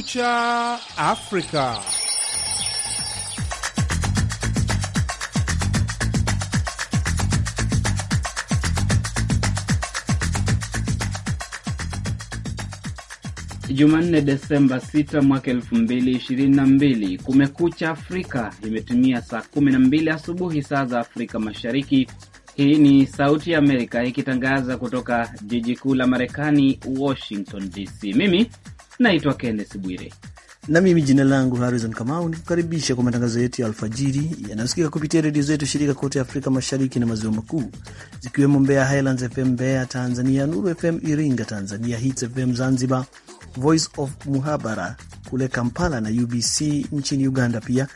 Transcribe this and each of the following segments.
Kumekucha Afrika. Jumanne, Desemba 6 mwaka 2022, Kumekucha Afrika imetumia saa 12 asubuhi saa za Afrika Mashariki. Hii ni Sauti ya Amerika ikitangaza kutoka jiji kuu la Marekani, Washington DC. Mimi Naitwa Kenneth Bwire na mimi jina langu Harrison Kamau, ni kukaribisha kwa matangazo yetu ya alfajiri yanayosikika kupitia redio zetu shirika kote Afrika Mashariki na Maziwa Makuu, zikiwemo Mbeya Highlands FM Mbeya Tanzania, Nuru FM Iringa Tanzania, Hits FM Zanzibar, Voice of Muhabara kule Kampala na UBC nchini Uganda, pia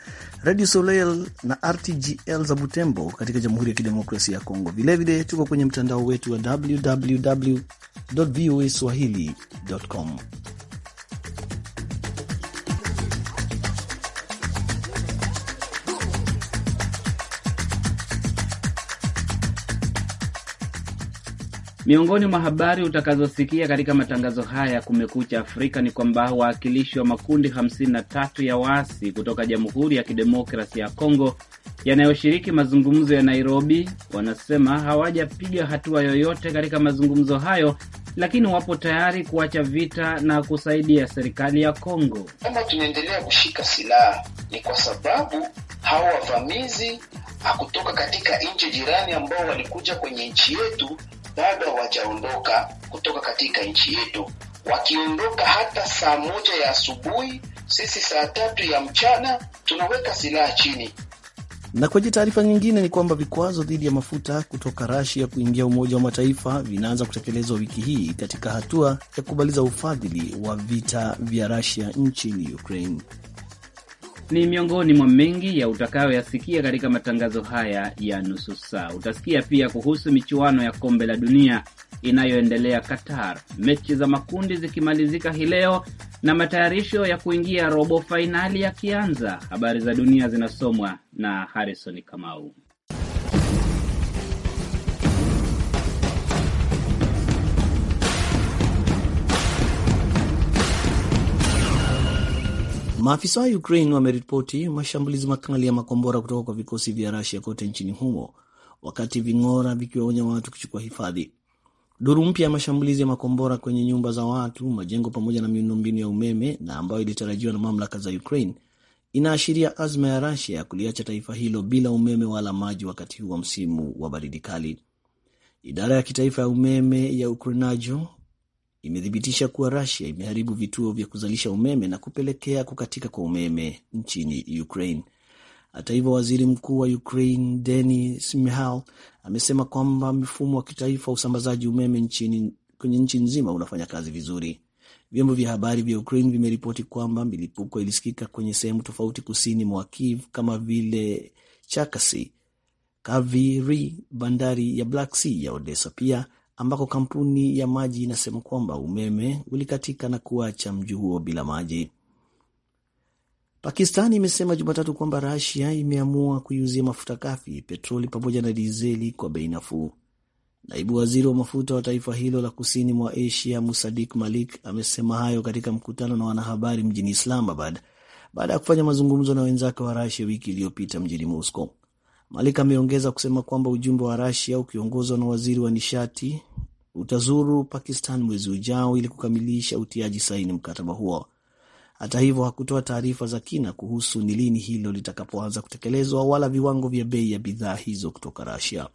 Radio Soleil na RTGL za Butembo katika Jamhuri ya Kidemokrasia ya Kongo. Vilevile tuko kwenye mtandao wetu wa www voa swahili.com. Miongoni mwa habari utakazosikia katika matangazo haya ya Kumekucha Afrika ni kwamba wawakilishi wa makundi 53 ya waasi kutoka Jamhuri ya Kidemokrasi ya Kongo yanayoshiriki mazungumzo ya Nairobi wanasema hawajapiga hatua yoyote katika mazungumzo hayo, lakini wapo tayari kuacha vita na kusaidia serikali ya Kongo. Kama tunaendelea kushika silaha ni kwa sababu hawa wavamizi hakutoka katika nchi jirani ambao walikuja kwenye nchi yetu bado hawajaondoka kutoka katika nchi yetu. Wakiondoka hata saa moja ya asubuhi, sisi saa tatu ya mchana tunaweka silaha chini. Na kwenye taarifa nyingine ni kwamba vikwazo dhidi ya mafuta kutoka Rasia kuingia Umoja wa Mataifa vinaanza kutekelezwa wiki hii katika hatua ya kumaliza ufadhili wa vita vya Rasia nchini Ukraine ni miongoni mwa mengi ya utakayoyasikia katika matangazo haya ya nusu saa. Utasikia pia kuhusu michuano ya kombe la dunia inayoendelea Qatar, mechi za makundi zikimalizika hii leo na matayarisho ya kuingia robo fainali yakianza. Habari za dunia zinasomwa na Harrison Kamau. Maafisa wa Ukraine wameripoti mashambulizi makali ya makombora kutoka kwa vikosi vya Rusia kote nchini humo, wakati ving'ora vikiwaonya watu kuchukua hifadhi. Duru mpya ya mashambulizi ya makombora kwenye nyumba za watu, majengo pamoja na miundombinu ya umeme na ambayo ilitarajiwa na mamlaka za Ukraine inaashiria azma ya Rusia ya kuliacha taifa hilo bila umeme wala maji wakati huu wa msimu wa baridi kali. Idara ya kitaifa ya umeme ya Ukrinajo imethibitisha kuwa rasia imeharibu vituo vya kuzalisha umeme na kupelekea kukatika kwa umeme nchini Ukraine. Hata hivyo, waziri mkuu wa Ukraine Denis Smihal amesema kwamba mfumo wa kitaifa wa usambazaji umeme nchini, kwenye nchi nzima unafanya kazi vizuri. Vyombo vya habari vya Ukraine vimeripoti kwamba milipuko ilisikika kwenye sehemu tofauti kusini mwa Kiev kama vile Chakasi, Kaviri, bandari ya Black Sea ya Odessa pia ambako kampuni ya maji inasema kwamba umeme ulikatika na kuacha mji huo bila maji. Pakistan imesema Jumatatu kwamba Rasia imeamua kuiuzia mafuta kafi, petroli pamoja na dizeli kwa bei nafuu. Naibu waziri wa mafuta wa taifa hilo la kusini mwa Asia, Musadik Malik, amesema hayo katika mkutano na wanahabari mjini Islamabad baada ya kufanya mazungumzo na wenzake wa Rasia wiki iliyopita mjini Moscow. Malik ameongeza kusema kwamba ujumbe wa rasia ukiongozwa na waziri wa nishati utazuru Pakistan mwezi ujao ili kukamilisha utiaji saini mkataba huo. Hata hivyo, hakutoa taarifa za kina kuhusu ni lini hilo litakapoanza kutekelezwa wala viwango vya bei ya bidhaa hizo kutoka rasia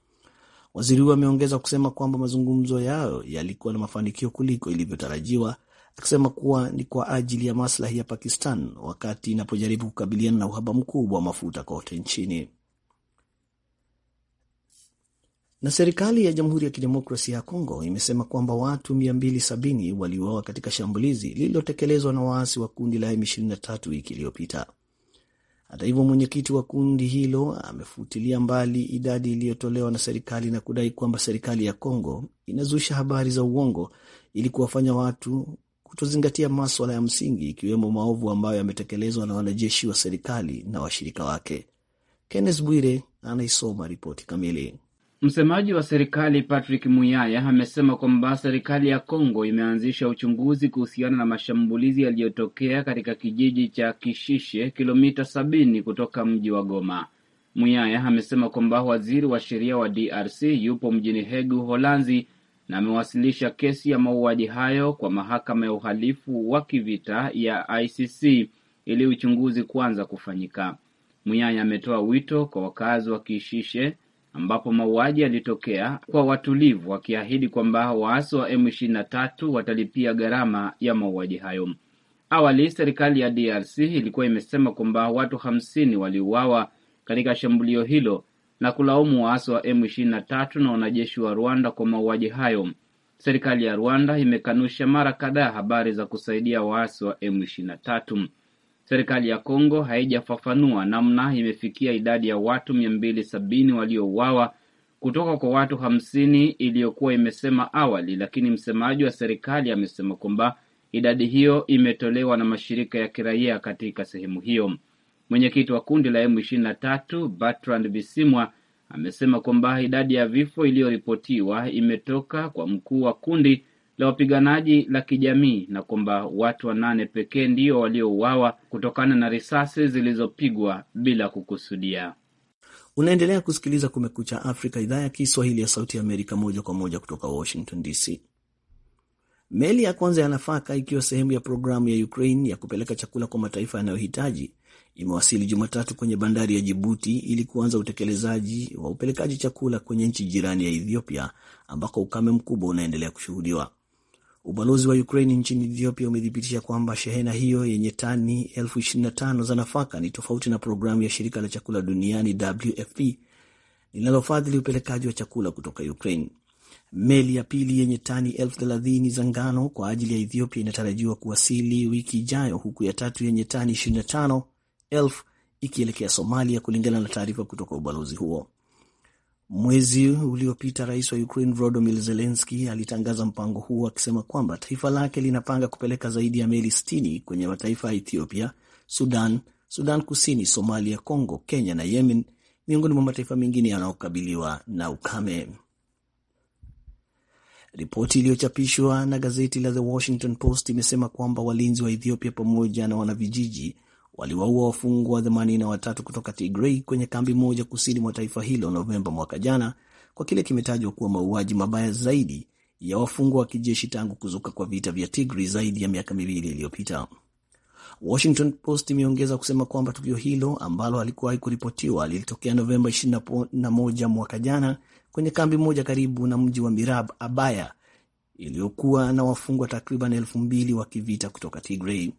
Waziri huyo ameongeza kusema kwamba mazungumzo yayo yalikuwa na mafanikio kuliko ilivyotarajiwa, akisema kuwa ni kwa ajili ya maslahi ya Pakistan wakati inapojaribu kukabiliana na uhaba mkubwa wa mafuta kote nchini. Na serikali ya Jamhuri ya Kidemokrasia ya Kongo imesema kwamba watu 270 waliuawa katika shambulizi lililotekelezwa na waasi wa kundi la M23 wiki iliyopita. Hata hivyo, mwenyekiti wa kundi hilo amefutilia mbali idadi iliyotolewa na serikali na kudai kwamba serikali ya Kongo inazusha habari za uongo ili kuwafanya watu kutozingatia maswala ya msingi ikiwemo maovu ambayo yametekelezwa na wanajeshi wa serikali na washirika wake. Kenneth Bwire anaisoma ripoti kamili. Msemaji wa serikali Patrick Muyaya amesema kwamba serikali ya Kongo imeanzisha uchunguzi kuhusiana na mashambulizi yaliyotokea katika kijiji cha Kishishe, kilomita sabini kutoka mji wa Goma. Muyaya amesema kwamba waziri wa sheria wa DRC yupo mjini hegu holanzi na amewasilisha kesi ya mauaji hayo kwa mahakama ya uhalifu wa kivita ya ICC ili uchunguzi kuanza kufanyika. Muyaya ametoa wito kwa wakazi wa Kishishe ambapo mauaji yalitokea kwa watulivu, wakiahidi kwamba waasi wa M23 watalipia gharama ya mauaji hayo. Awali serikali ya DRC ilikuwa imesema kwamba watu 50 waliuawa katika shambulio hilo na kulaumu waasi wa M23 na wanajeshi wa Rwanda kwa mauaji hayo. Serikali ya Rwanda imekanusha mara kadhaa habari za kusaidia waasi wa M23. Serikali ya Kongo haijafafanua namna imefikia idadi ya watu mia mbili sabini waliouawa kutoka kwa watu hamsini iliyokuwa imesema awali, lakini msemaji wa serikali amesema kwamba idadi hiyo imetolewa na mashirika ya kiraia katika sehemu hiyo. Mwenyekiti wa kundi la M23 Bertrand Bisimwa amesema kwamba idadi ya vifo iliyoripotiwa imetoka kwa mkuu wa kundi la wapiganaji la kijamii na kwamba watu wanane pekee ndio waliouawa kutokana na risasi zilizopigwa bila kukusudia. Unaendelea kusikiliza Kumekucha Afrika, idhaa ya Kiswahili ya Sauti ya Amerika, moja kwa moja kutoka Washington DC. Meli ya kwanza ya nafaka ikiwa sehemu ya programu ya Ukraine ya kupeleka chakula kwa mataifa yanayohitaji imewasili Jumatatu kwenye bandari ya Jibuti ili kuanza utekelezaji wa upelekaji chakula kwenye nchi jirani ya Ethiopia ambako ukame mkubwa unaendelea kushuhudiwa. Ubalozi wa Ukraine nchini Ethiopia umethibitisha kwamba shehena hiyo yenye tani elfu 25 za nafaka ni tofauti na programu ya shirika la chakula duniani WFP linalofadhili upelekaji wa chakula kutoka Ukraine. Meli ya pili yenye tani elfu 30 za ngano kwa ajili ya Ethiopia inatarajiwa kuwasili wiki ijayo, huku ya tatu yenye tani 25 elfu ikielekea Somalia, kulingana na taarifa kutoka ubalozi huo. Mwezi uliopita rais wa Ukraine Volodymyr Zelensky alitangaza mpango huo akisema kwamba taifa lake linapanga kupeleka zaidi ya meli 60 kwenye mataifa ya Ethiopia, Sudan, Sudan Kusini, Somalia, Congo, Kenya na Yemen, miongoni mwa mataifa mengine yanayokabiliwa na ukame. Ripoti iliyochapishwa na gazeti la The Washington Post imesema kwamba walinzi wa Ethiopia pamoja na wanavijiji waliwaua wafungwa 83 kutoka tigrey kwenye kambi moja kusini mwa taifa hilo Novemba mwaka jana, kwa kile kimetajwa kuwa mauaji mabaya zaidi ya wafungwa wa kijeshi tangu kuzuka kwa vita vya Tigray zaidi ya miaka miwili iliyopita. Washington Post imeongeza kusema kwamba tukio hilo ambalo halikuwahi kuripotiwa lilitokea Novemba 21 mwaka jana kwenye kambi moja karibu na mji wa Mirab Abaya iliyokuwa na wafungwa takriban elfu mbili wa kivita kutoka Tigray.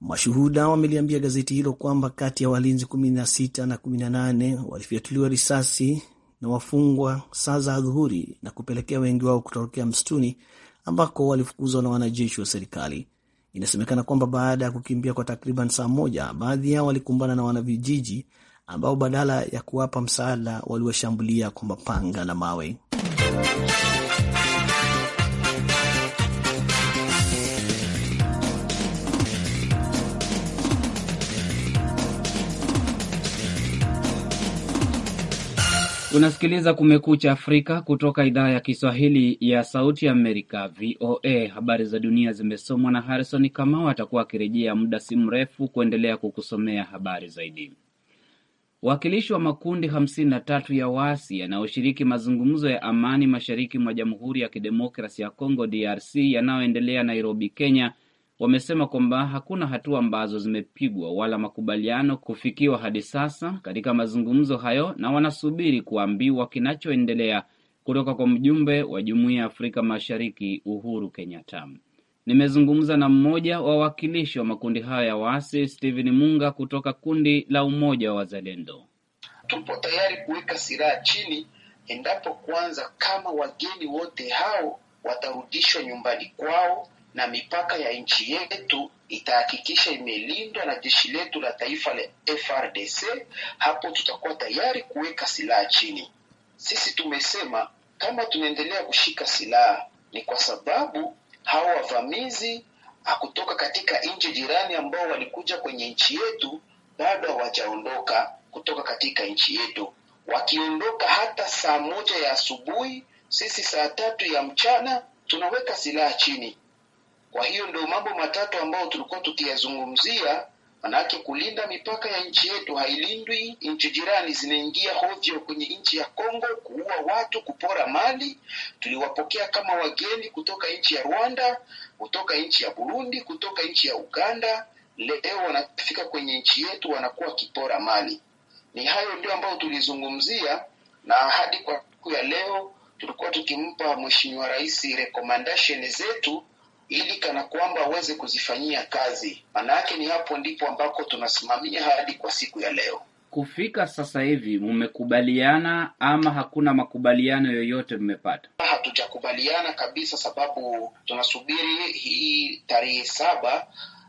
Mashuhuda wameliambia gazeti hilo kwamba kati ya walinzi 16 na 18 walifyatuliwa risasi na wafungwa saa za adhuhuri na kupelekea wengi wao kutorokea msituni ambako walifukuzwa na wanajeshi wa serikali. Inasemekana kwamba baada ya kukimbia kwa takriban saa moja, baadhi yao walikumbana na wanavijiji ambao badala ya kuwapa msaada waliwashambulia kwa mapanga na mawe. Unasikiliza Kumekucha Afrika kutoka idhaa ya Kiswahili ya Sauti ya Amerika, VOA. Habari za dunia zimesomwa na Harrison Kamau, atakuwa akirejea muda si mrefu kuendelea kukusomea habari zaidi. Wakilishi wa makundi 53 ya waasi yanayoshiriki mazungumzo ya amani mashariki mwa Jamhuri ya Kidemokrasi ya Kongo, DRC, yanayoendelea Nairobi, Kenya, wamesema kwamba hakuna hatua ambazo zimepigwa wala makubaliano kufikiwa hadi sasa katika mazungumzo hayo, na wanasubiri kuambiwa kinachoendelea kutoka kwa mjumbe wa Jumuiya ya Afrika Mashariki Uhuru Kenyatta. Nimezungumza na mmoja wa wawakilishi wa makundi hayo ya waasi stehen Munga kutoka kundi la Umoja wa Wazalendo. Tupo tayari kuweka silaha chini endapo kwanza, kama wageni wote hao watarudishwa nyumbani kwao na mipaka ya nchi yetu itahakikisha imelindwa na jeshi letu la taifa la FRDC, hapo tutakuwa tayari kuweka silaha chini. Sisi tumesema kama tunaendelea kushika silaha ni kwa sababu hao wavamizi kutoka katika nchi jirani ambao walikuja kwenye nchi yetu bado hawajaondoka kutoka katika nchi yetu. Wakiondoka hata saa moja ya asubuhi, sisi saa tatu ya mchana tunaweka silaha chini. Kwa hiyo ndio mambo matatu ambayo tulikuwa tukiyazungumzia, manake kulinda mipaka ya nchi yetu hailindwi, nchi jirani zinaingia hovyo kwenye nchi ya Kongo kuua watu, kupora mali. Tuliwapokea kama wageni kutoka nchi ya Rwanda, kutoka nchi ya Burundi, kutoka nchi ya Uganda. Leo wanafika kwenye nchi yetu wanakuwa wakipora mali. Ni hayo ndio ambayo tulizungumzia, na hadi kwa siku ya leo tulikuwa tukimpa mheshimiwa rais recommendation zetu ili kana kwamba aweze kuzifanyia kazi. Maana yake ni hapo ndipo ambako tunasimamia hadi kwa siku ya leo. Kufika sasa hivi mmekubaliana ama hakuna makubaliano yoyote mmepata? Hatujakubaliana kabisa, sababu tunasubiri hii tarehe saba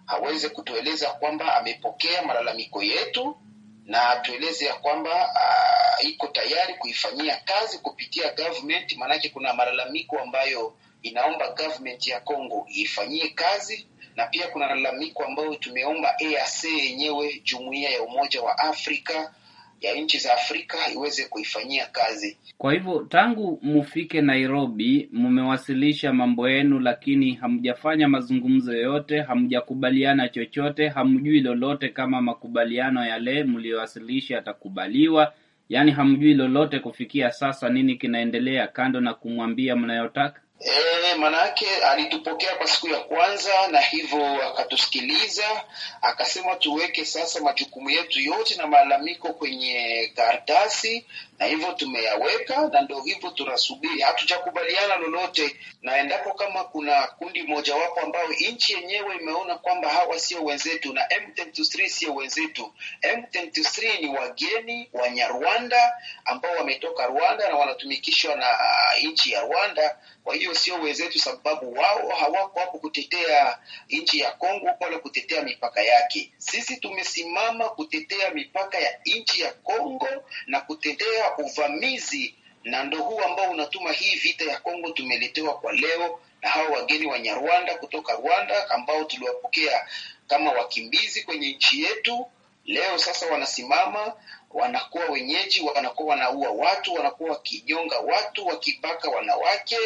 aweze kutueleza kwamba amepokea malalamiko yetu na atueleze ya kwamba ah, iko tayari kuifanyia kazi kupitia government, maanake kuna malalamiko ambayo inaomba government ya Congo ifanyie kazi, na pia kuna lalamiko ambayo tumeomba EAC yenyewe, jumuiya ya Umoja wa Afrika ya nchi za Afrika iweze kuifanyia kazi. Kwa hivyo tangu mufike Nairobi, mmewasilisha mambo yenu, lakini hamjafanya mazungumzo yoyote, hamjakubaliana chochote, hamjui lolote kama makubaliano yale mliyowasilisha yatakubaliwa. Yaani hamjui lolote kufikia sasa, nini kinaendelea, kando na kumwambia mnayotaka E, manake alitupokea kwa siku ya kwanza na hivyo akatusikiliza, akasema tuweke sasa majukumu yetu yote na malalamiko kwenye karatasi, na hivyo tumeyaweka, na ndio hivyo tunasubiri. Hatujakubaliana lolote, na endapo kama kuna kundi mojawapo ambayo nchi yenyewe imeona kwamba hawa sio wenzetu na M23 sio wenzetu, M23 ni wageni wa Nyarwanda ambao wametoka Rwanda na wanatumikishwa na ah, nchi ya Rwanda kwa hiyo sio wenzetu, sababu wao hawako hapo kutetea nchi ya Kongo wala kutetea mipaka yake. Sisi tumesimama kutetea mipaka ya nchi ya Kongo na kutetea uvamizi, na ndo huu ambao unatuma hii vita ya Kongo tumeletewa kwa leo na hao wageni wa Nyarwanda kutoka Rwanda ambao tuliwapokea kama wakimbizi kwenye nchi yetu. Leo sasa wanasimama, wanakuwa wenyeji, wanakuwa wanaua watu, wanakuwa wakinyonga watu, wakibaka wanawake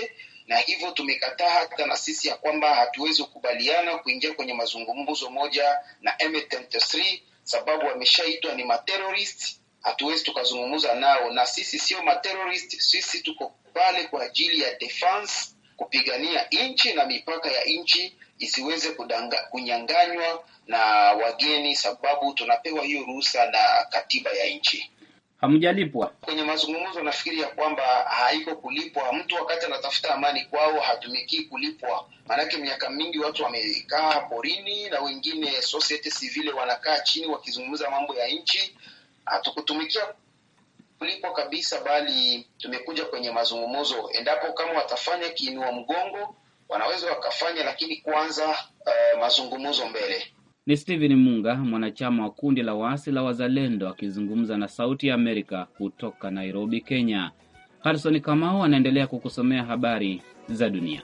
na hivyo tumekataa hata na sisi ya kwamba hatuwezi kukubaliana kuingia kwenye mazungumzo moja na M23 sababu wameshaitwa ni materorist. Hatuwezi tukazungumza nao, na sisi sio materorist. Sisi tuko pale kwa ajili ya defense, kupigania nchi na mipaka ya nchi isiweze kudanga, kunyanganywa na wageni, sababu tunapewa hiyo ruhusa na katiba ya nchi hamjalipwa kwenye mazungumzo. Nafikiri ya kwamba haiko kulipwa mtu wakati anatafuta amani kwao, hatumikii kulipwa. Maanake miaka mingi watu wamekaa porini na wengine society civile wanakaa chini wakizungumza mambo ya nchi, hatukutumikia kulipwa kabisa, bali tumekuja kwenye mazungumzo. Endapo kama watafanya kiinua mgongo, wanaweza wakafanya, lakini kwanza uh, mazungumzo mbele ni Steven Munga, mwanachama wa kundi la waasi la Wazalendo, akizungumza na Sauti ya Amerika kutoka Nairobi, Kenya. Harison Kamau anaendelea kukusomea habari za dunia.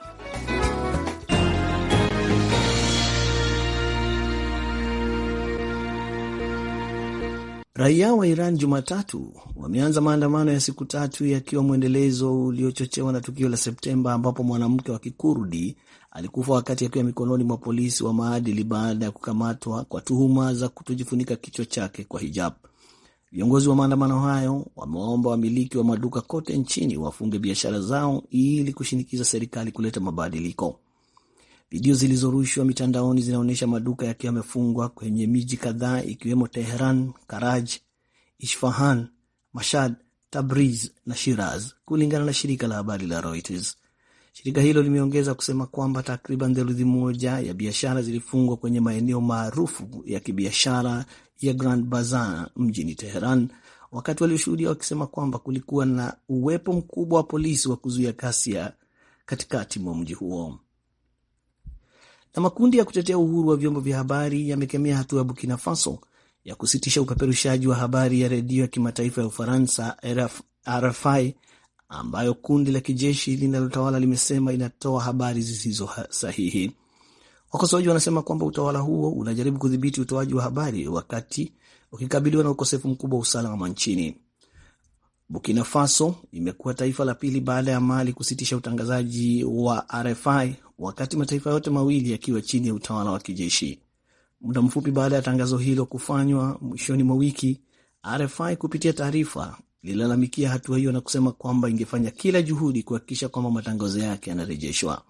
Raia wa Iran Jumatatu wameanza maandamano ya siku tatu yakiwa mwendelezo uliochochewa na tukio la Septemba ambapo mwanamke wa Kikurdi alikufa wakati akiwa mikononi mwa polisi wa maadili baada ya kukamatwa kwa tuhuma za kutojifunika kichwa chake kwa hijab. Viongozi wa maandamano hayo wamewaomba wamiliki wa maduka kote nchini wafunge biashara zao ili kushinikiza serikali kuleta mabadiliko. Video zilizorushwa mitandaoni zinaonyesha maduka yakiwa yamefungwa kwenye miji kadhaa ikiwemo Tehran, Karaj, Isfahan, Mashad, Tabriz na Shiraz, kulingana na shirika la habari la Reuters. Shirika hilo limeongeza kusema kwamba takriban theluthi moja ya biashara zilifungwa kwenye maeneo maarufu ya kibiashara ya Grand Bazaar mjini Teheran, wakati walioshuhudia wakisema kwamba kulikuwa na uwepo mkubwa wa polisi wa kuzuia ghasia katikati mwa mji huo na makundi ya kutetea uhuru wa vyombo vya habari yamekemea hatua ya Burkina Faso ya kusitisha upeperushaji wa habari ya redio ya kimataifa ya Ufaransa RFI ambayo kundi la kijeshi linalotawala limesema inatoa habari zisizo sahihi. Wakosoaji wanasema kwamba utawala huo unajaribu kudhibiti utoaji wa habari wakati ukikabiliwa na ukosefu mkubwa wa usalama nchini. Burkina Faso imekuwa taifa la pili baada ya Mali kusitisha utangazaji wa RFI, wakati mataifa yote mawili yakiwa chini ya utawala wa kijeshi. Muda mfupi baada ya tangazo hilo kufanywa mwishoni mwa wiki, RFI kupitia taarifa ililalamikia hatua hiyo na kusema kwamba ingefanya kila juhudi kuhakikisha kwamba matangazo yake yanarejeshwa.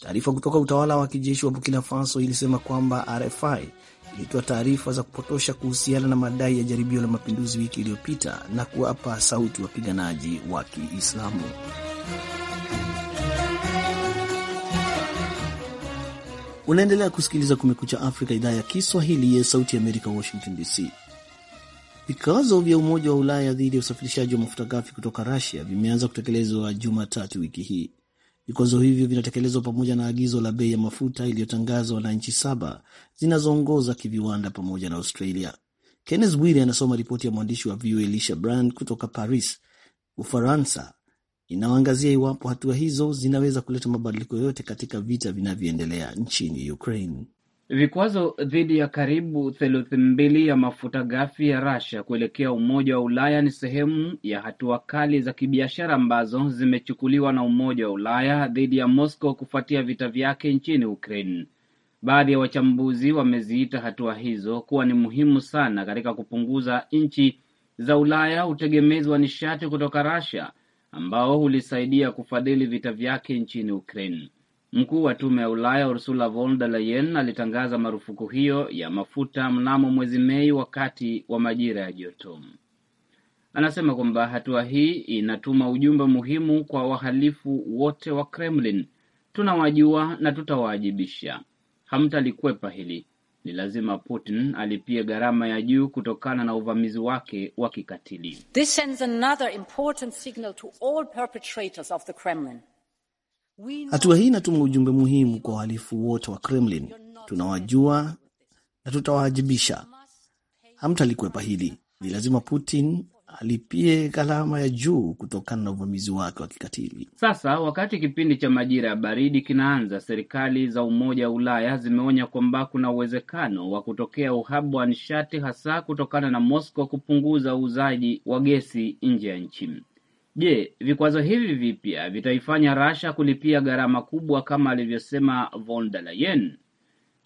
Taarifa kutoka utawala wa kijeshi wa Burkina Faso ilisema kwamba RFI ilitoa taarifa za kupotosha kuhusiana na madai ya jaribio la mapinduzi wiki iliyopita na kuwapa sauti wapiganaji wa Kiislamu. Unaendelea kusikiliza Kumekucha Afrika, idhaa ya Kiswahili ya Sauti ya Amerika, Washington DC. Vikwazo vya Umoja wa Ulaya dhidi ya usafirishaji wa mafuta ghafi kutoka Rusia vimeanza kutekelezwa Jumatatu wiki hii. Vikwazo hivyo vinatekelezwa pamoja na agizo la bei ya mafuta iliyotangazwa na nchi saba zinazoongoza kiviwanda pamoja na Australia. Kennes Bwire anasoma ripoti ya mwandishi wa VOA Lisha Brand kutoka Paris, Ufaransa, inayoangazia iwapo hatua hizo zinaweza kuleta mabadiliko yoyote katika vita vinavyoendelea nchini Ukraine. Vikwazo dhidi ya karibu theluthi mbili ya mafuta ghafi ya Russia kuelekea Umoja wa Ulaya ni sehemu ya hatua kali za kibiashara ambazo zimechukuliwa na Umoja wa Ulaya dhidi ya Moscow kufuatia vita vyake nchini Ukraine. Baadhi ya wachambuzi wameziita hatua hizo kuwa ni muhimu sana katika kupunguza nchi za Ulaya utegemezi wa nishati kutoka Russia ambao ulisaidia kufadhili vita vyake nchini Ukraine. Mkuu wa Tume ya Ulaya Ursula von der Leyen alitangaza marufuku hiyo ya mafuta mnamo mwezi Mei wakati wa majira ya joto. Anasema kwamba hatua hii inatuma ujumbe muhimu kwa wahalifu wote wa Kremlin: tunawajua na tutawaajibisha, hamtalikwepa hili. Ni lazima Putin alipie gharama ya juu kutokana na uvamizi wake wa kikatili. This sends another important signal to all perpetrators of the Kremlin. Hatua hii inatuma ujumbe muhimu kwa wahalifu wote wa Kremlin: tunawajua na tutawaajibisha. Hamtalikwepa hili. Ni lazima Putin alipie gharama ya juu kutokana na uvamizi wake wa kikatili. Sasa, wakati kipindi cha majira ya baridi kinaanza, serikali za Umoja wa Ulaya zimeonya kwamba kuna uwezekano wa kutokea uhaba wa nishati, hasa kutokana na Moscow kupunguza uuzaji wa gesi nje ya nchi. Je, vikwazo hivi vipya vitaifanya Russia kulipia gharama kubwa kama alivyosema von der Leyen?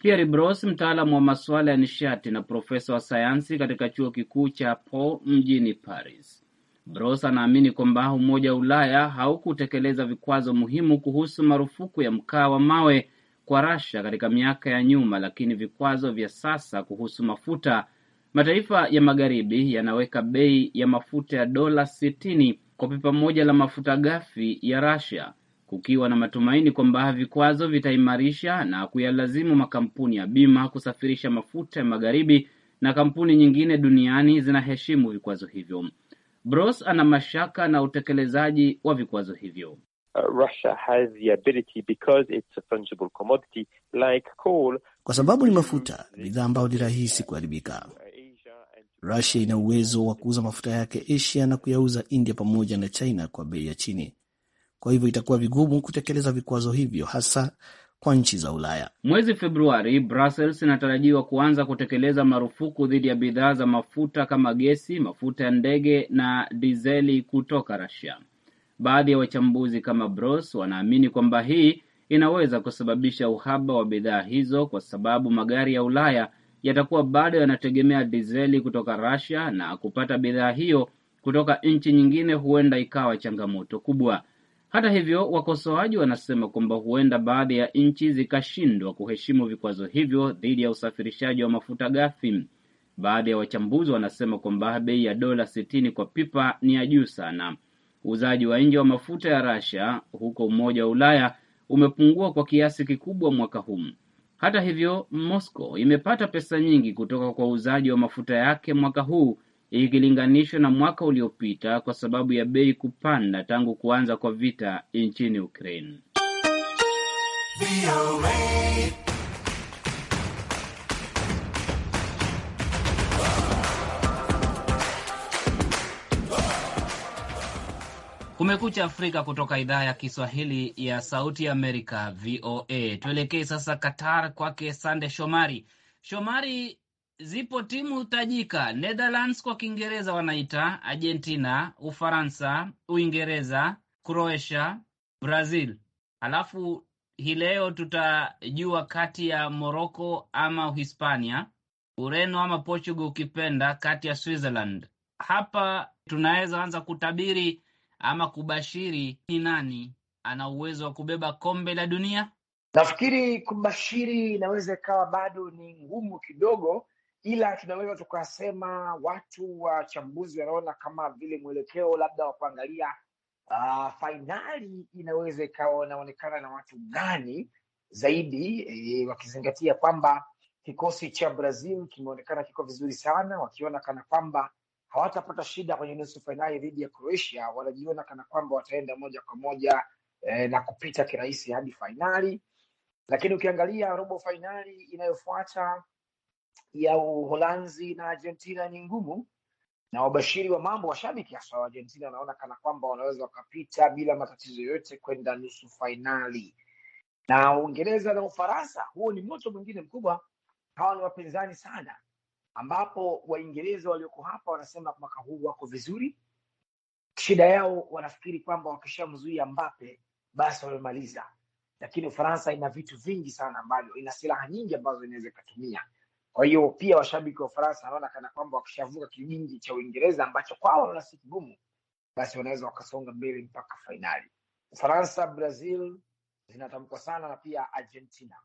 Thierry Bros, mtaalamu wa masuala ya nishati na profesa wa sayansi katika chuo kikuu cha Po mjini Paris. Bros anaamini kwamba Umoja wa Ulaya haukutekeleza vikwazo muhimu kuhusu marufuku ya mkaa wa mawe kwa Russia katika miaka ya nyuma, lakini vikwazo vya sasa kuhusu mafuta, mataifa ya magharibi yanaweka bei ya mafuta ya dola sitini kwa pipa moja la mafuta ghafi ya Russia kukiwa na matumaini kwamba vikwazo vitaimarisha na kuyalazimu makampuni ya bima kusafirisha mafuta ya magharibi na kampuni nyingine duniani zinaheshimu vikwazo hivyo. Bros ana mashaka na utekelezaji wa vikwazo hivyo. Like coal, kwa sababu ni mafuta, bidhaa ambayo ni rahisi kuharibika rasia ina uwezo wa kuuza mafuta yake Asia na kuyauza India pamoja na China kwa bei ya chini. Kwa hivyo itakuwa vigumu kutekeleza vikwazo hivyo hasa kwa nchi za Ulaya. Mwezi Februari, Brussels inatarajiwa kuanza kutekeleza marufuku dhidi ya bidhaa za mafuta kama gesi, mafuta ya ndege na dizeli kutoka rasia Baadhi ya wachambuzi kama Bros wanaamini kwamba hii inaweza kusababisha uhaba wa bidhaa hizo kwa sababu magari ya Ulaya yatakuwa bado yanategemea dizeli kutoka Russia na kupata bidhaa hiyo kutoka nchi nyingine huenda ikawa changamoto kubwa. Hata hivyo, wakosoaji wanasema kwamba huenda baadhi ya nchi zikashindwa kuheshimu vikwazo hivyo dhidi ya usafirishaji wa mafuta ghafi. Baadhi ya wachambuzi wanasema kwamba bei ya dola sitini kwa pipa ni ya juu sana. Uuzaji wa nje wa mafuta ya Russia huko Umoja wa Ulaya umepungua kwa kiasi kikubwa mwaka huu. Hata hivyo, Moscow imepata pesa nyingi kutoka kwa uuzaji wa mafuta yake mwaka huu ikilinganishwa na mwaka uliopita kwa sababu ya bei kupanda tangu kuanza kwa vita nchini Ukraine. Kumekucha Afrika kutoka idhaa ya Kiswahili ya Sauti Amerika, VOA. Tuelekee sasa Qatar, kwake Sande Shomari. Shomari, zipo timu tajika Netherlands kwa Kiingereza wanaita Argentina, Ufaransa, Uingereza, Croatia, Brazil. Halafu hii leo tutajua kati ya Morocco ama Uhispania, Ureno ama Portugal ukipenda, kati ya Switzerland. Hapa tunaweza anza kutabiri ama kubashiri ni nani ana uwezo wa kubeba kombe la dunia? Nafikiri kubashiri inaweza ikawa bado ni ngumu kidogo, ila tunaweza tukasema watu wachambuzi wanaona kama vile mwelekeo labda wa kuangalia uh, fainali inaweza ikawa inaonekana na watu gani zaidi e, wakizingatia kwamba kikosi cha Brazil kimeonekana kiko vizuri sana, wakiona kana kwamba hawatapata shida kwenye nusu fainali dhidi ya Croatia. Wanajiona kana kwamba wataenda moja kwa moja eh, na kupita kirahisi hadi fainali, lakini ukiangalia robo fainali inayofuata ya Uholanzi na Argentina ni ngumu, na wabashiri wa mambo, washabiki hasa wa Argentina wanaona kana kwamba wanaweza wakapita bila matatizo yoyote kwenda nusu fainali. Na Uingereza na Ufaransa, huo ni moto mwingine mkubwa. Hawa ni wapinzani sana ambapo Waingereza walioko hapa wanasema mwaka huu wako vizuri. Shida yao wanafikiri kwamba wakishamzuia Mbappe basi wamemaliza, lakini Ufaransa ina vitu vingi sana ambavyo ina silaha nyingi ambazo inaweza ikatumia. Kwa hiyo pia washabiki wa Ufaransa wanaona kana kwamba wakishavuka kijingi cha Uingereza ambacho kwao wanaona si kigumu, basi wanaweza wakasonga mbele mpaka fainali. Ufaransa, Brazil, zinatamkwa sana na pia Argentina.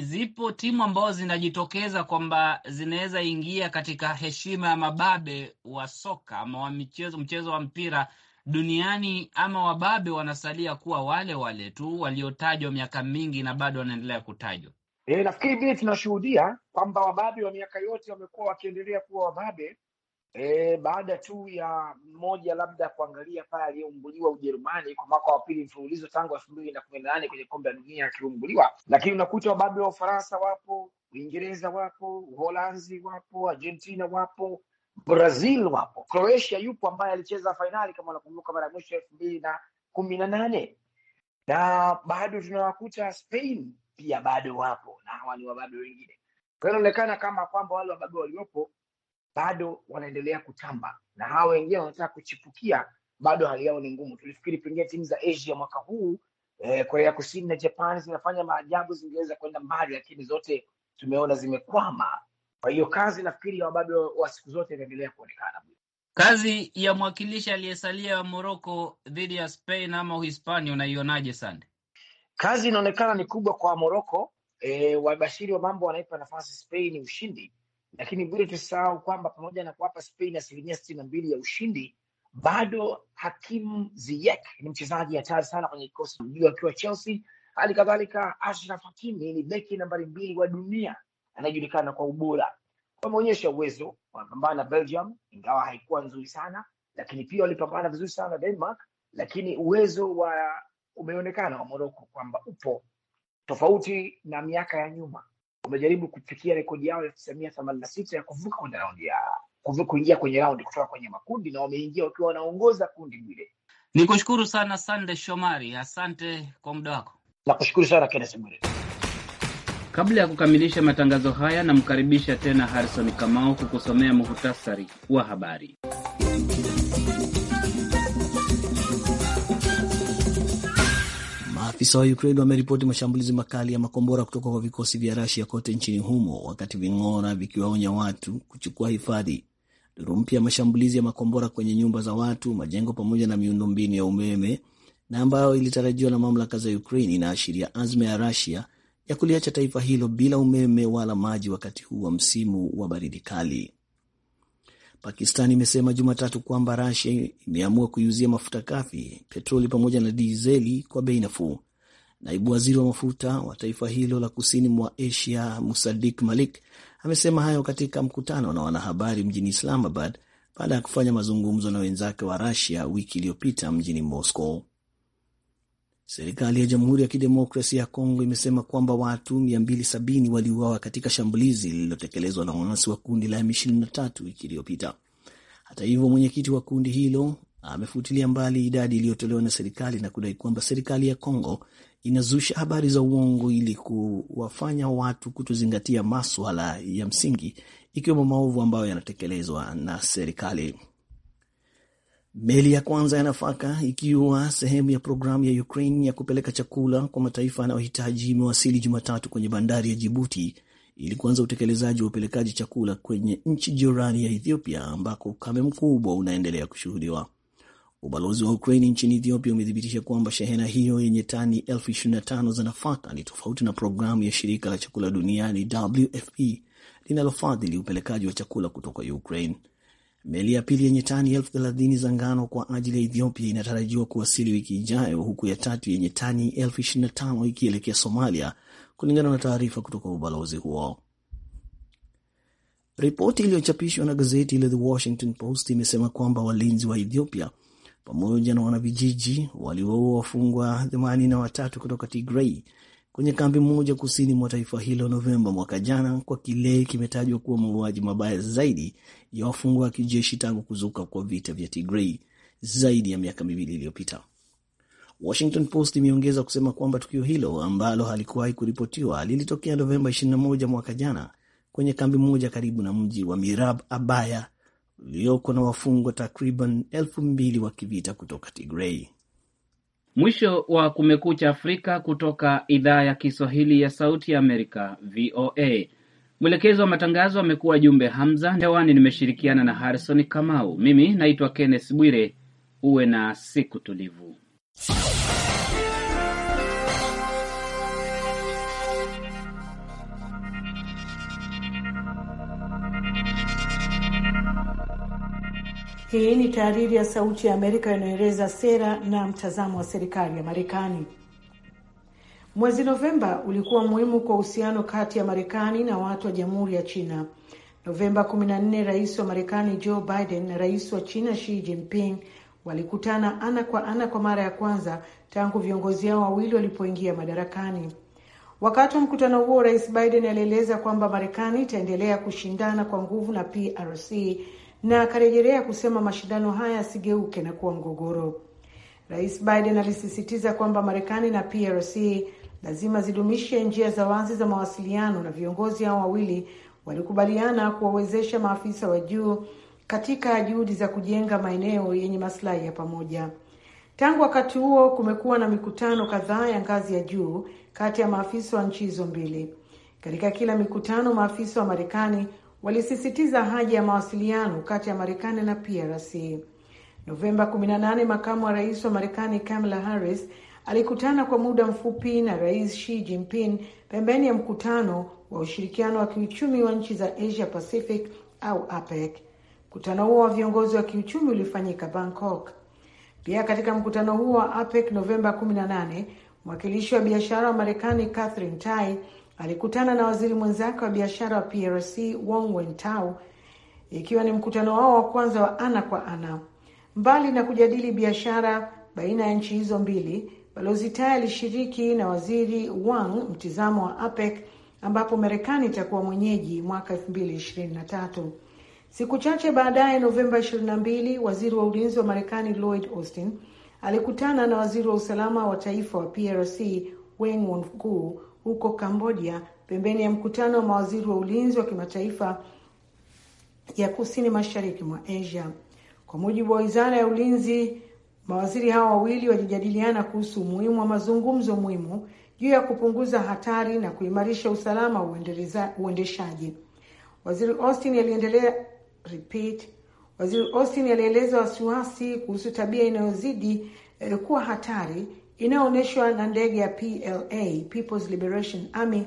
Zipo timu ambazo zinajitokeza kwamba zinaweza ingia katika heshima ya mababe wa soka ama wa michezo, mchezo wa mpira duniani ama wababe wanasalia kuwa wale wale tu waliotajwa miaka mingi na bado wanaendelea kutajwa. E, nafikiri vile tunashuhudia kwamba wababe wa miaka yote wamekuwa wakiendelea kuwa wababe E, baada tu ya mmoja labda kuangalia pale aliyeumbuliwa Ujerumani kwa mwaka wa pili mfululizo tangu elfu mbili na kumi na nane kwenye kombe la dunia akiumbuliwa, lakini unakuta wababe wa Ufaransa wapo, Uingereza wapo, Uholanzi wapo, Argentina wapo, Brazil wapo, Croatia yupo ambaye alicheza fainali kama unakumbuka mara ya mwisho elfu mbili na kumi na nane na bado tunawakuta Spain pia bado wapo, na hawa ni wababe wengine. Kwa hiyo inaonekana kama kwamba wale wababe waliopo bado wanaendelea kutamba, na hawa wengine wanataka kuchipukia, bado hali yao ni ngumu. Tulifikiri pengine timu za Asia mwaka huu eh, Korea Kusini na Japan zinafanya maajabu, zingeweza kwenda mbali, lakini zote tumeona zimekwama. Kwa hiyo kazi nafikiri bado wa siku zote inaendelea kuonekana. Kazi ya mwakilishi aliyesalia Moroko dhidi ya Spain ama Uhispania unaionaje, Sande? Kazi inaonekana ni kubwa kwa Moroko. E, eh, wabashiri wa mambo wanaipa nafasi Spain ushindi, lakini Bwire, tusahau kwamba pamoja na kuwapa Spain asilimia sitini na mbili ya ushindi bado Hakim Ziyech ni mchezaji hatari sana kwenye kikosi juu akiwa Chelsea. Hali kadhalika Ashraf Hakimi ni beki nambari mbili wa dunia anayejulikana kwa ubora. Wameonyesha uwezo, wanapambana na Belgium ingawa haikuwa nzuri sana, lakini pia walipambana vizuri sana na Denmark, lakini uwezo wa umeonekana wa Morocco kwamba upo tofauti na miaka ya nyuma wamejaribu kufikia rekodi yao elfu tisa mia themanini na sita ya kuvuka kwenda raundi ya kuvuka kuingia kwenye raundi kutoka kwenye makundi na wameingia wakiwa wanaongoza kundi vile. Ni kushukuru sana Sande Shomari, asante kwa muda wako. Nakushukuru sana Kenes Bwire. Kabla ya kukamilisha matangazo haya, namkaribisha tena Harison Kamau kukusomea muhtasari wa habari. Maafisa wa Ukraine wameripoti mashambulizi makali ya makombora kutoka kwa vikosi vya Rusia kote nchini humo, wakati ving'ora vikiwaonya watu kuchukua hifadhi. Duru mpya ya mashambulizi ya makombora kwenye nyumba za watu, majengo pamoja na miundombinu ya umeme na ambayo ilitarajiwa na mamlaka za Ukraine inaashiria azma ya Rusia ya kuliacha taifa hilo bila umeme wala maji wakati huu wa msimu wa baridi kali. Pakistan imesema Jumatatu kwamba Rusia imeamua kuiuzia mafuta kafi, petroli pamoja na dizeli kwa bei nafuu, Naibu waziri wa mafuta wa taifa hilo la kusini mwa Asia, Musadik Malik, amesema hayo katika mkutano na wanahabari mjini Islamabad baada ya kufanya mazungumzo na wenzake wa Rusia wiki iliyopita mjini Moscow. Serikali ya Jamhuri ya Kidemokrasi ya Kongo imesema kwamba watu 270 waliuawa katika shambulizi lililotekelezwa na waasi wa kundi la M23 wiki iliyopita. Hata hivyo, mwenyekiti wa kundi hilo amefutilia mbali idadi iliyotolewa na serikali na kudai kwamba serikali ya Kongo inazusha habari za uongo ili kuwafanya watu kutozingatia maswala ya msingi ikiwemo maovu ambayo yanatekelezwa na serikali. Meli ya kwanza ya nafaka ikiwa sehemu ya programu ya Ukraine ya kupeleka chakula kwa mataifa yanayohitaji imewasili Jumatatu kwenye bandari ya Jibuti ili kuanza utekelezaji wa upelekaji chakula kwenye nchi jirani ya Ethiopia ambako ukame mkubwa unaendelea kushuhudiwa. Ubalozi wa Ukraini nchini Ethiopia umethibitisha kwamba shehena hiyo yenye tani elfu 25 za nafaka ni tofauti na programu ya shirika la chakula duniani WFP linalofadhili upelekaji wa chakula kutoka Ukraine. Meli ya pili yenye tani elfu 30 za ngano kwa ajili ya Ethiopia inatarajiwa kuwasili wiki ijayo, huku ya tatu yenye tani elfu 25 ikielekea Somalia, kulingana na taarifa kutoka ubalozi huo. Ripoti iliyochapishwa na gazeti la The Washington Post imesema kwamba walinzi wa Ethiopia pamoja na wanavijiji waliwaua wafungwa 83 kutoka Tigrei kwenye kambi moja kusini mwa taifa hilo Novemba mwaka jana, kwa kile kimetajwa kuwa mauaji mabaya zaidi ya wafungwa wa kijeshi tangu kuzuka kwa vita vya Tigrei zaidi ya miaka miwili iliyopita. Washington Post imeongeza kusema kwamba tukio hilo ambalo halikuwahi kuripotiwa lilitokea Novemba 21 mwaka jana kwenye kambi moja karibu na mji wa Mirab Abaya ulioko na wafungwa takriban elfu mbili wa kivita kutoka Tigrei. Mwisho wa Kumekucha Afrika kutoka idhaa ya Kiswahili ya Sauti ya Amerika, VOA. Mwelekezi wa matangazo amekuwa Jumbe Hamza. Hewani nimeshirikiana na Harrison Kamau. Mimi naitwa Kenneth Bwire. Uwe na siku tulivu. Hii ni tahariri ya Sauti ya Amerika inayoeleza sera na mtazamo wa serikali ya Marekani. Mwezi Novemba ulikuwa muhimu kwa uhusiano kati ya Marekani na watu wa Jamhuri ya China. Novemba 14, rais wa Marekani Joe Biden na rais wa China Xi Jinping walikutana ana kwa ana kwa mara ya kwanza tangu viongozi hao wawili walipoingia madarakani. Wakati wa mkutano huo, rais Biden alieleza kwamba Marekani itaendelea kushindana kwa nguvu na PRC na akarejelea kusema mashindano haya yasigeuke na kuwa mgogoro. Rais Biden alisisitiza kwamba Marekani na PRC lazima zidumishe njia za wazi za mawasiliano, na viongozi hao wawili walikubaliana kuwawezesha maafisa wa juu katika juhudi za kujenga maeneo yenye masilahi ya pamoja. Tangu wakati huo kumekuwa na mikutano kadhaa ya ngazi ya juu kati ya maafisa wa nchi hizo mbili. Katika kila mikutano, maafisa wa Marekani walisisitiza haja ya mawasiliano kati ya Marekani na PRC. Novemba 18, makamu wa rais wa Marekani Kamala Harris alikutana kwa muda mfupi na rais Xi Jinping pembeni ya mkutano wa ushirikiano wa kiuchumi wa nchi za Asia Pacific au APEC. Mkutano huo wa viongozi wa kiuchumi ulifanyika Bangkok. Pia katika mkutano huo wa APEC Novemba 18, mwakilishi wa biashara wa Marekani Catherine Tai alikutana na waziri mwenzake wa biashara wa PRC Wong Wentao, ikiwa ni mkutano wao wa kwanza wa ana kwa ana. Mbali na kujadili biashara baina ya nchi hizo mbili, balozi Tai alishiriki na waziri Wang mtizamo wa APEC ambapo Marekani itakuwa mwenyeji mwaka 2023. Siku chache baadaye, Novemba 22, waziri wa ulinzi wa Marekani Lloyd Austin alikutana na waziri wa usalama wa taifa wa PRC Wang Wenku huko Kambodia pembeni ya mkutano wa mawaziri wa ulinzi wa kimataifa ya kusini mashariki mwa Asia. Kwa mujibu wa wizara ya ulinzi, mawaziri hao wawili walijadiliana kuhusu umuhimu wa mazungumzo muhimu juu ya kupunguza hatari na kuimarisha usalama wa uendeshaji. Waziri Austin aliendelea repeat. Waziri Austin alieleza wasiwasi kuhusu tabia inayozidi eh, kuwa hatari inayoonyeshwa na ndege ya PLA, People's Liberation Army,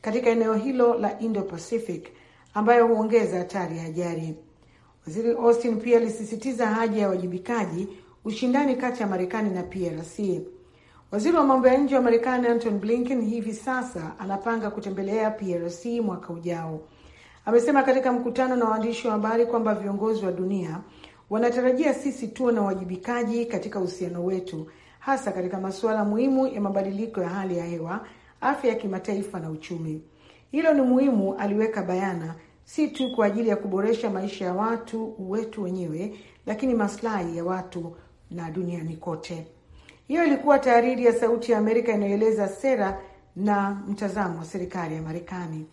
katika eneo hilo la Indo Pacific, ambayo huongeza hatari ya ajali. Waziri Austin pia alisisitiza haja ya wajibikaji, ushindani kati ya Marekani na PRC. Waziri wa mambo ya nje wa Marekani Anton Blinken hivi sasa anapanga kutembelea PRC mwaka ujao. Amesema katika mkutano na waandishi wa habari kwamba viongozi wa dunia wanatarajia sisi tuwe na uwajibikaji katika uhusiano wetu hasa katika masuala muhimu ya mabadiliko ya hali ya hewa, afya ya kimataifa na uchumi. Hilo ni muhimu, aliweka bayana, si tu kwa ajili ya kuboresha maisha ya watu wetu wenyewe, lakini maslahi ya watu na duniani kote. Hiyo ilikuwa tahariri ya Sauti ya Amerika inayoeleza sera na mtazamo wa serikali ya Marekani.